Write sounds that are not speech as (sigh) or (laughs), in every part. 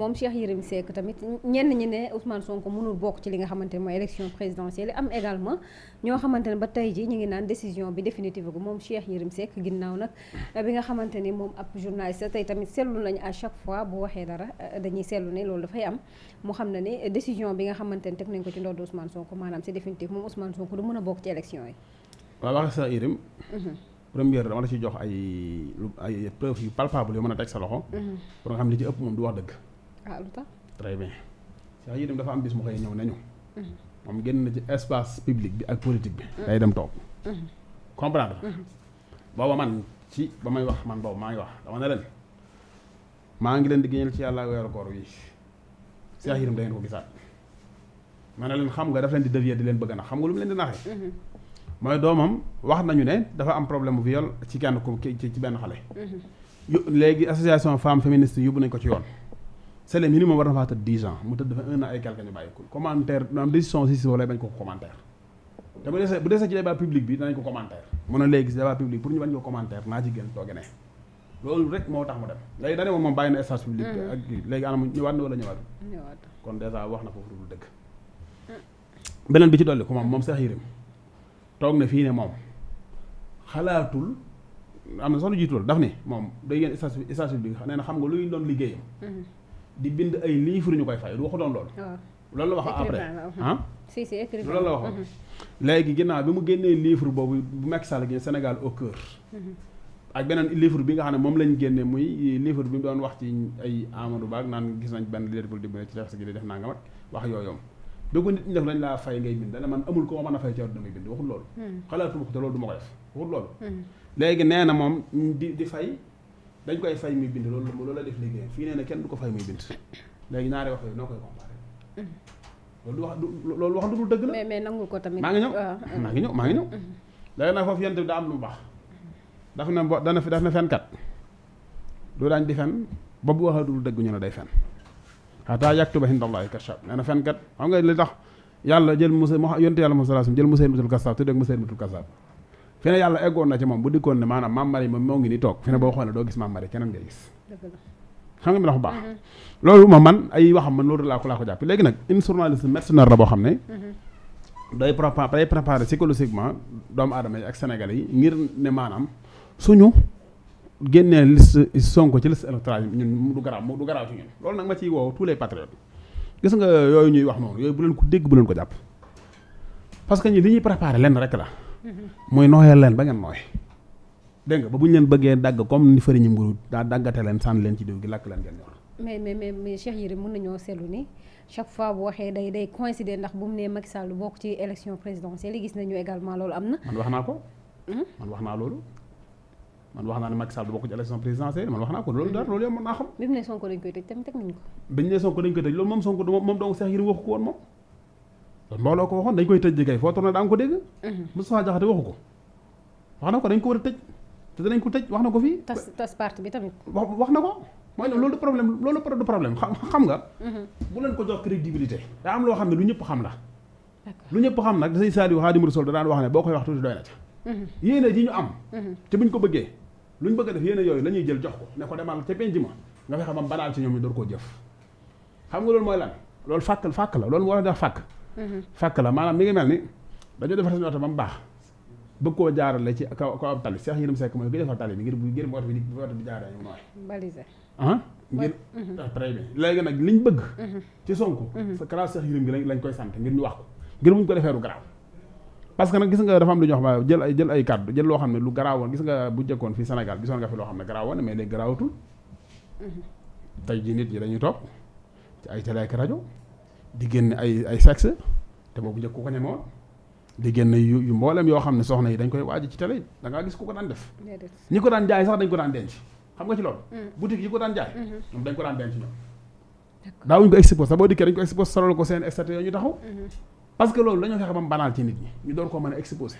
moom Cheikh Yérim Seck tamit ñenn ñi ne Ousmane Sonko mënul bokk ci li nga xamante ne mooy élection présidentielle am également ñoo xamante ne ba tey ji ñu ngi naan décision bi définitive gu moom Cheikh Yérim Seck ginnaaw nag bi nga xamante ni moom ab journaliste tey tamit seetlu nañu à chaque fois bu waxee dara dañuy seetlu ne loolu dafay am mu xam ne ni décision bi nga xamante ne teg nañ ko ci ndodd Ousmane Sonko maanaam c'est définitive moom Ousmane Sonko du mën a bokk ci élection yi. waaw wax mhm. sa Yérim. Mhm. du ah lu tax. très bien Cheikh Yérim dafa am bis mu xëy ñëw nañu mm-hmm. moom génn na ci espace public bi ak politique bi. Mm-hmm. day dem toog. Mm-hmm. comprendre booba man ci ba may wax man boobu maa ngi wax dama ne leen maa ngi leen di génneel ci yàlla weeru koor wi Cheikh Yérim da ngeen gisaat ma ne leen xam nga daf leen di dévier di leen bëgg na xam nga lu mu leen di naxee. mooy doomam wax nañu ne dafa am problème viol ci kenn ku ci ci benn xale. yu léegi association femme féministe nañ ko ci yoon. Sélé mii nii moom war na faa tëdd dix mu tëdd dafa un an ay quelque ñu bàyyi ko commentaire maanaam décision si si wala bañ ko commentaire te bu dese bu dese ci débat public bi danañ ko commentaire mu ne léegi si débat public pour ñu bañ ko commentaire naa ci gën tooge ne loolu rek moo tax mu dem léegi dane moom moom bàyyi na espace public mm. ak léegi anam ñëwaat na wala ñëwaat kon dèjà wax na foofu lu dëgg mm. beneen bi ci dolli ko moom moom Cheikh Yérim toog na fii moom xalaatul am na sax lu jiitu daf ni moom day yéen espace public nee na xam nga luy doon liggéeyam mm-hmm. di bind ay livres ñu koy fay du waxutoon loolu. Ah. loolu la wax après ah. la waxoon. Mhm. léegi ginnaaw bi mu génnee livre boobu bu Macky Sall génne Sénégal au cœur. Mhm. bi nga xam ne moom lañ génne muy livre bi doon wax ci ay Amadou Ba naan gis nañ benn leader ci texte gi def nangam ak wax yooyoom. dogu nit ñi def laa fay ngay bind dana man amul koo mën a fay ci loolu. Hmm. xalaatuma ko te du ma ko def waxul hmm. léegi nee na moom di di fay. dañ koy fay muy bind loolu loolu la def liggéey fii nee na kenn du ko fay muy bind léegi ñaari wax yooyu noo koy comparé loolu wax loolu wax du dëgg la. mais mais nangu ko tamit. maa ngi ñëw maa ngi ñëw maa ngi foofu yent bi daa am lu mu baax. daf na bo dana fi daf na fen kat daañ di fen ba bu waxee du dëgg ñu ne day fen. xataa yaktuba indallahi kashab nee na fen kat xam nga li tax yàlla jël Musa yonte yàlla Musa jël Musa mutul kasaab tuddee Musa mutul kasaab. fi ne yàlla eggoon na ci moom bu dikkoon ne maanaam Mame Marie moom moo ngi ni toog fi ne boo xoolee doo gis Mame Marie keneen ngay gis xam nga mi la bu baax mm-hmm. loolu moom man ay waxam ma loolu laa ko laa ko jàpp léegi nag une journaliste mercenaire la boo xam ne mm-hmm. day prépa day préparé psychologiquement doomu adama yi ak sénégalais yi ngir ne maanaam suñu génnee liste Sonko ci liste électorale ñun du garaaw mu du garaaw ci ñun loolu nag ma ciy woow tous les patriotes gis nga yooyu ñuy wax noonu yooyu bu leen ko dégg bu leen ko jàpp parce que ñi li ñuy préparé lenn rek la muy nooyal leen ba ngeen nooy dégg nga ba bu ñu leen bëggee dagg comme ni fëriñu mburu daa daggate leen sànni leen ci diw gi lakk leen ngeen ñor mais mais mais mais Cheikh Yérim mën nañoo seetlu ni chaque fois bu waxee day day coïncider ndax bu mu nee Macky Sall bokk ci élection présidentielle gis nañu également loolu am na. man wax naa ko. Hmm? man wax naa loolu. man wax naa ne Macky Sall bokk ci élection présidentielle man wax naa ko loolu daal loolu yow mën naa xam. bi mu ne Sonko dañ koy tëj tamit teg nañu ko. bi ñu ne Sonko dañ koy tëj loolu moom Sonko moom dong Cheikh Yérim waxu ko woon moom. mbooloo ko waxoon dañ koy tëj di kay foo tourné da nga ko dégg. Mhm. Moustapha Diakhaté waxu ko wax na ko dañ ko war a tëj te danañ ko tëj wax na ko fii. tas tas parti bi tamit. wax wax na ko mooy loolu du problème loolu du problème xam nga. Mhm. bu leen ko jox crédibilité. daa am loo xam ne lu ñëpp xam la. lu ñëpp xam nag dañuy Sadio Xaadimu Rasuul da daan wax ne boo koy wax tuuti doy na ca. Mhm. yéene ñu am. te ko bëggee luñ bëgg def yéene yooyu la jël jox ko ne ko demal ca penc ma nga fexe koo jëf xam nga loolu mooy lan loolu fàkk fàkk la loolu moo tax fàkk fàkk la maanaam mi ngi mel ni dañoo defar seen oto ba mu baax bëgg koo jaarale ci kaw kaw ab tali Cheikh Yérim Seck mooy ki defar tali bi ngir bu ngir bu oto bi bu oto bi ñu ah, ngir mhm. ah, très bien bëgg mhm. ci Sonko mhm. sa kalaas Cheikh Yérim gi koy sant ngir ñu wax ko ngir buñ ko defee lu garaaw parce que nag gis nga def am lu ñuy wax jël ay jël ay kàddu jël loo xam ne lu garaawoon gis nga bu jëkkoon fii Sénégal gisoon nga fi loo xam ne garaawoon mais léegi garaawatul tey jii nit ñi dañuy toog ci ay télé ak rajo di génn ay ay sexe te boobu njëkk ku ko ñeme woon di génn yu yu mboolem yoo xam ne soxna yi dañ koy waaj ci télé da ngaa gis ku ko daan def ñi ko daan jaay sax dañ ko daan denc xam nga ci loolu mm. boutique yi ko daan jaay mm-hmm. ñoom dañ ko daan denc ñoom daawuñ ko exposé sax boo dikkee dañ ko exposé solal ko seen statut yooyu ñu taxaw mm-hmm. parce que loolu dañoo fexe ba mu banal ci nit ñi ñu door koo mën a exposé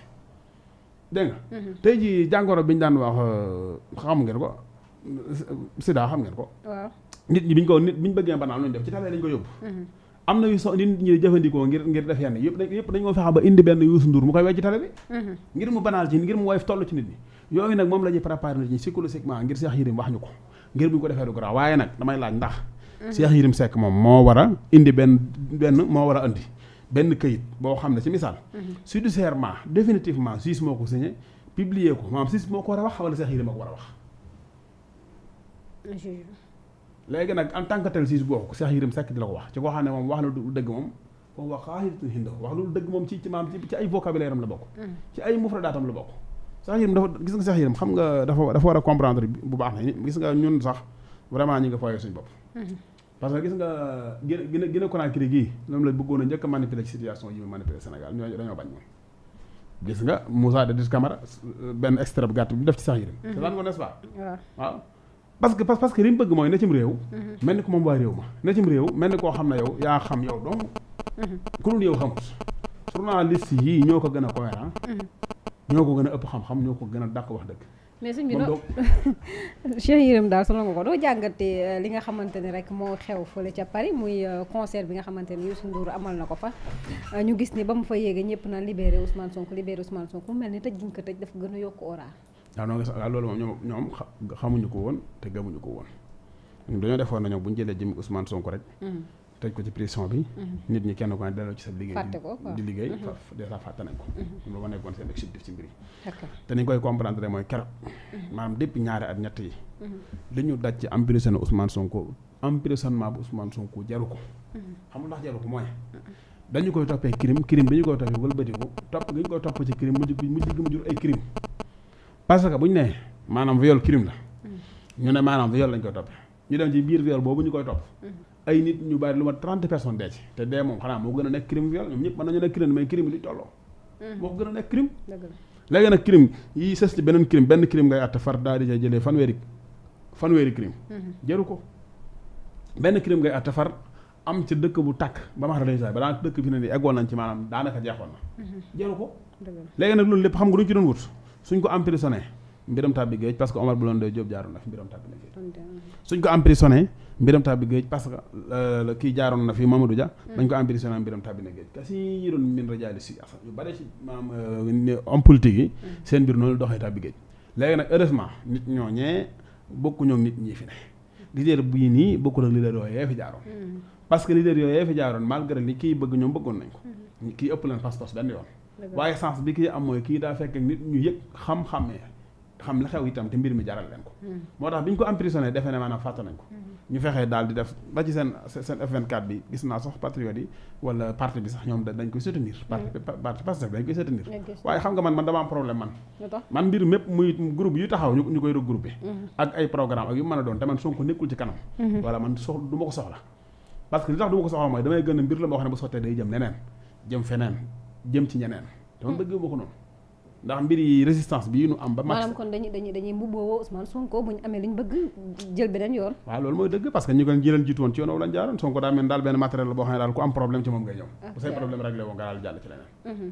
dégg mm-hmm. tey jii jàngoro bi ñu daan wax euh, xam ngeen ko sida xam ngeen ko nit ñi biñ ko nit biñ bëggee banal lu ñu def ci télé dañ ko yóbbu am na yu so nit ñi jëfandikoo ngir ngir def yenn yëpp yëpp dañoo fexe ba indi benn Youssou Ndour mu koy wecc tale bi mhm. ngir mu banaal ci ngir mu woyof toll nit ñi yooyu nag moom la ñuy nit ñi psychologiquement ngir Cheikh Yérim wax ñu ko ngir bu ñu ko defee du ko waaye nag damay laaj ndax mhm. Cheikh Yérim Seck moom moo war a indi benn benn moo war a indi benn kayit boo xam ne ci misaal mhm. judiciairement définitivement juge moo ko signé publié ko maanaam juge moo ko war a wax wala Cheikh Yérim moo ko war a léegi nag en tant que tel siis boo ko Cheikh Yérim Seck di la ko wax ci koo xam ne moom wax na du dëgg moom moom wax xaaxiratun hinda wax lu dëgg moom ci ci maam ci ay vocabulaire la bokk mm. ci ay mufradaatam la bokk Cheikh Yérim dafa gis nga Cheikh Yérim xam nga dafa dafa war a comprendre bu baax na gis nga ñun sax vraiment ñi nga bopp mm-hmm. parce que gis nga gën gën a gën a Conakry ñoom la bëggoon a njëkk a manipuler ci situation yi mu manipuler Sénégal ñoo dañoo bañ moom gis nga Camara benn extrait bu gàtt bu def ci Cheikh Yérim mm-hmm. c'est ça n'est-ce waaw parce que parce que li mu bëgg mooy na cim réew. Mhm. mel ni ko moom waa réew ma na cim réew mel ni koo xam ne yow yaa xam yow dong. Mhm. ku dul yow xamut. journaliste yii ñoo ko gën a cohérent. Mhm. ñoo ko gën a ëpp xam-xam ko gën a dàq dëgg. mais suñ bi (laughs) daal solo nga ko doo jàngatee euh, li nga xamante ni rek moo xew fële ca Paris muy euh, concert bi nga xamante ni Youssou Ndour amal na ko fa euh, ñu gis ni ba mu fa yéege ñëpp naan libéré Ousmane Sonko libéré Ousmane Sonko mu mel ni tëj giñ ko tëj dafa gën a yokk oraa waaw noonu nga ah, loolu moom ñoom xamuñu ko woon te gëmuñu ko woon ñun dañoo defoon na bu ñu jëlee jëmi Ousmane Sonko rek. Mhm. tëj ko ci prison bi. Mhm. nit ñi kenn ko ne delloo ci sa liggéey. fàtte ko di liggéey. Mhm. déjà fàtte nañ ko. loolu ma nekkoon seen objectif ci mbir yi. te ni ñu koy comprendre rek mooy keroog. maanaam depuis ñaari at ñett yi. li ñu daj ci emprisonnement Ousmane Sonko emprisonnement bu Ousmane Sonko jaru ko. xamul ndax jaru ko mooy. dañu koy toppee crime crime bi ñu koy toppee wëlbati ko topp gi ñu koy topp ci crime mujj gi mujj gi mu jur parce que bu ñu nee maanam viol crime la ñu ne maanaam viol lañ koy topp ñu dem ci biir viol boobu ñu koy topp ay nit ñu bari lu ma trente personnes dee ci te dee moom xanaa moo gën a nekk crime viol ñoom ñëpp mën nañu nekk crime mais crime li tolloo hmm. moo yi sës ci beneen crime benn crime ngay àtte far daal di ca jëlee fanweeri fanweeri crime hmm. jëru ko benn crime ngay àtte far am ci dëkk bu tàkk ba max ralay saay ba dëkk fi ne nii nañ ci maanaam daanaka jeexoon na hmm. jëru ko léegi nag loolu lépp xam nga duñ ci doon wut suñ ko emprisonné mbiram tàbbi géej parce que Omar Blondin Diop Diop jaaroon na fi mbiram tàbbi na fi suñ ko emprisonné mbiram tàbbi géej parce que euh, kii jaaroon na fi Mamadou Dia mm. dañ ko emprisonné mbiram tàbbi na géej kasiirun min rijaali si afan yu bare ci maam euh, homme politique yi mm. seen mbir noonu doxee tàbbi géej léegi nag heureusement nit ñooñee bokkuñoo nit ñi fi ne leader bii nii bokkul ak leader yooyee fi jaaroon mm. parce que leader yooyee fi jaaroon malgré li kii bëgg ñoom bëggoon nañ ko mm-hmm. kii ëpp leen waaye sens bi kii am mooy kii daa fekk nit ñu yëg xam-xamee xam la xew itam te mbir mi jaral leen ko hmm. moo tax bi ñu ko emprisonné defe ne maanaam fàtte nañ ko hmm. ñu fexee daal di def ba ci seen seen F24 bi gis naa sax a doon te hmm. ma ko soxla parce que li tax du ma ko soxla day jëm feneen jëm ci ñeneen te man hmm. bëgguma ko noonu ndax mbir yi résistance bi nu am ba maanaam kon dañuy dañuy dañuy mbubboo Ousmane Sonko bu ñu amee lu ñu bëgg jël beneen yoon waaw loolu mooy dëgg parce que ñu ko jëlan jiitu woon ci yoon woowu lañ jaaroon Sonko daa mel daal benn matériel la boo xam ne daal ku am problème ci moom ngay ñëw bu say problème réglé woo mhm.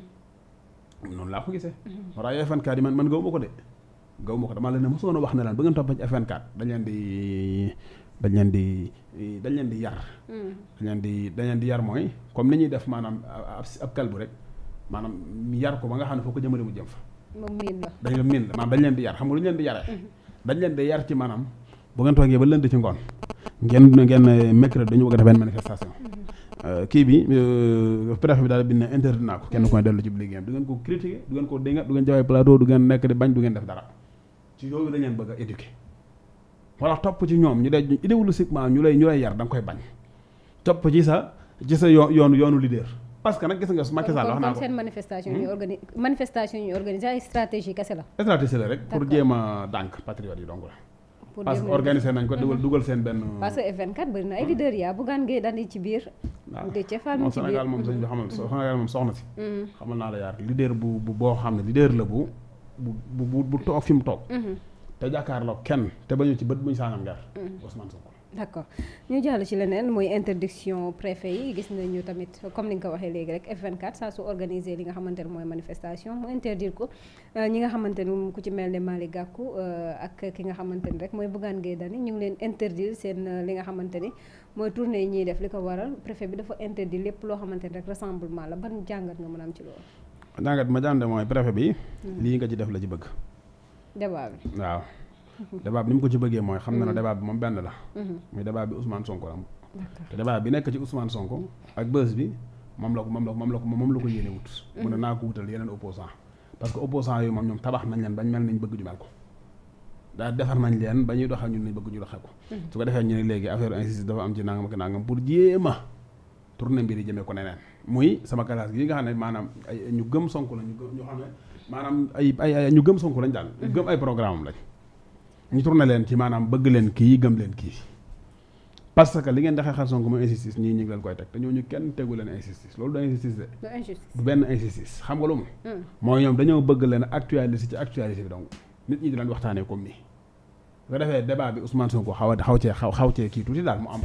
noonu laa ko gisee mhm. man man ko de gaw ma ko dama leen ne mosoon a wax ne ba ngeen dañ leen di dañ leen di dañ leen mhm. leen di dañ leen di yar mooy comme ni ñuy def maanaam ab kalbu rek maanaam yar ko ba nga xam ne foo ko jëmale mu jëm fa. moom miin la dañ miin la maanaam dañ leen di yar xam nga lu ñu leen di yaree. Mhm. dañ leen di yar ci maanaam bu ngeen toogee ba lënd ci ngoon ngeen ngeen eh, mercredi dañu bëgg a def benn manifestation. Mhm. Euh, kii bi euh, préfet bi daal bind na interdit naa ko kenn ku ne dellu ci liggéeyam du ngeen ko critiquer du ngeen ko dinga du ngeen jawee plateau du ngeen nekk di bañ du ngeen def dara ci yooyu dañ leen bëgg a éduquer wala topp ci ñu lay idéologiquement ñu lay ñu lay yar da nga ci sa ci sa yoon yoonu yoonu leader parce que nag gis nga su Macky Sall wax naa ko seen manifestation ñu hmm? organi ay stratégie kese la stratégie la rek pour jéem a dànk patriote yi donc la parce que nañ ko dugal hmm. dugal seen benn parce que F24 bëri na ay leaders yaa Bougane Gueye Dany ci biir ah. moom Sénégal moom sañ bi xamal hmm. Sénégal moom soxna si xamal naa la yaar leader bu bu boo xam ne leader la bu bu bu bu toog fi mu toog te jàkkaarloo kenn te bañu ci bët buñ ñu saanam ngar Ousmane Sonko d'accord ñu jàll ci leneen muy interdiction préfet yi gis nañu tamit comme ni nga ko waxee léegi rek F24 saa su organiser li nga xamante ne mooy manifestation mu interdire ko euh, ñi nga xamante ne ku ci mel ne Malick Gakou euh, ak ki nga xamante ni rek mooy Bougane Gueye Dany ñu ngi leen interdire seen euh, li nga xamante ni mooy tournée yi ñuy def li ko waral préfet bi dafa interdire lépp loo xamante ni rek rassemblement la ban jàngat nga mën am ci loolu. jàngat ma jàngat mooy préfet bi. Hmm. lii nga ci def la ci bëgg. débat bi ni mu ko ci bëggee mooy xam na ne mm-hmm. débat bi moom benn la mm-hmm. muy débat bi Ousmane Sonko am te débat bi nekk ci ak bës bi moom la ko moom la ko moom la moom la ko yéene wut mm-hmm. wutal yeneen opposant parce que opposant yooyu moom ñoom tabax nañ leen bañ mel nañ bëgg ñu mel ko daal defar nañ leen ba ñuy doxal ñun nañ bëgg ñu doxee ko su ko ñu ne léegi affaire insiste dafa am ci nangam ak a tourner mbir yi jëmee ko neneen muy sama classe gi nga xam ne maanaam ay ñu gëm sonk la ñu gëm xam maanaam ay ay ñu gëm Sonko lañ daal ñu gëm ay programme am lañ ñu tourné leen ci maanaam bëgg leen kii gëm leen kii parce que li ngeen di xeexal Sonko mooy injustice ñii ñu ngi leen koy teg te ñooñu kenn tegu leen injustice loolu du injustice de. du injustice du benn hmm. mooy ñoom dañoo bëgg leen actualiser ci actualiser bi donc nit ñi di waxtaanee comme nii. bu ko defee débat bi Ousmane xaw a xaw cee xaw cee kii tuuti daal mu am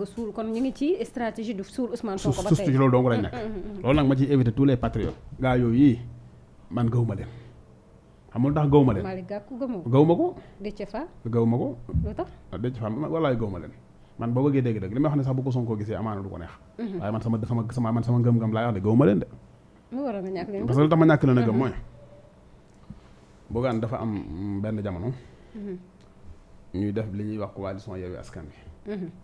a suul kon ñu ngi ci stratégie du suul Ousmane Sonko ba tey suuf ci loolu dong lañ nekk. Hmm, hmm, loolu nag ma ciy éviter tous les patriotes. gars yooyu man gëwuma leen xam nga lu tax gawuma leen. Malick Gakou gawuma ko gawuma ko. Déthié Fall gawuma ko. lu tax ah, Déthié Fall wallaay gawuma leen. man boo bëggee dégg dëgg li may wax ne sax bu ko koo gisee amaana du ko neex. Mhm. waaye man sama sama sama man sama ngëm-ngëm laay wax ne gawuma leen de. a ñàkk leen parce que lu tax ma ñàkk leen a gëm mhm. mooy. Bougane dafa am benn jamono. Mhm. ñuy def li ñuy wax coalition Yewwi Askan Wi.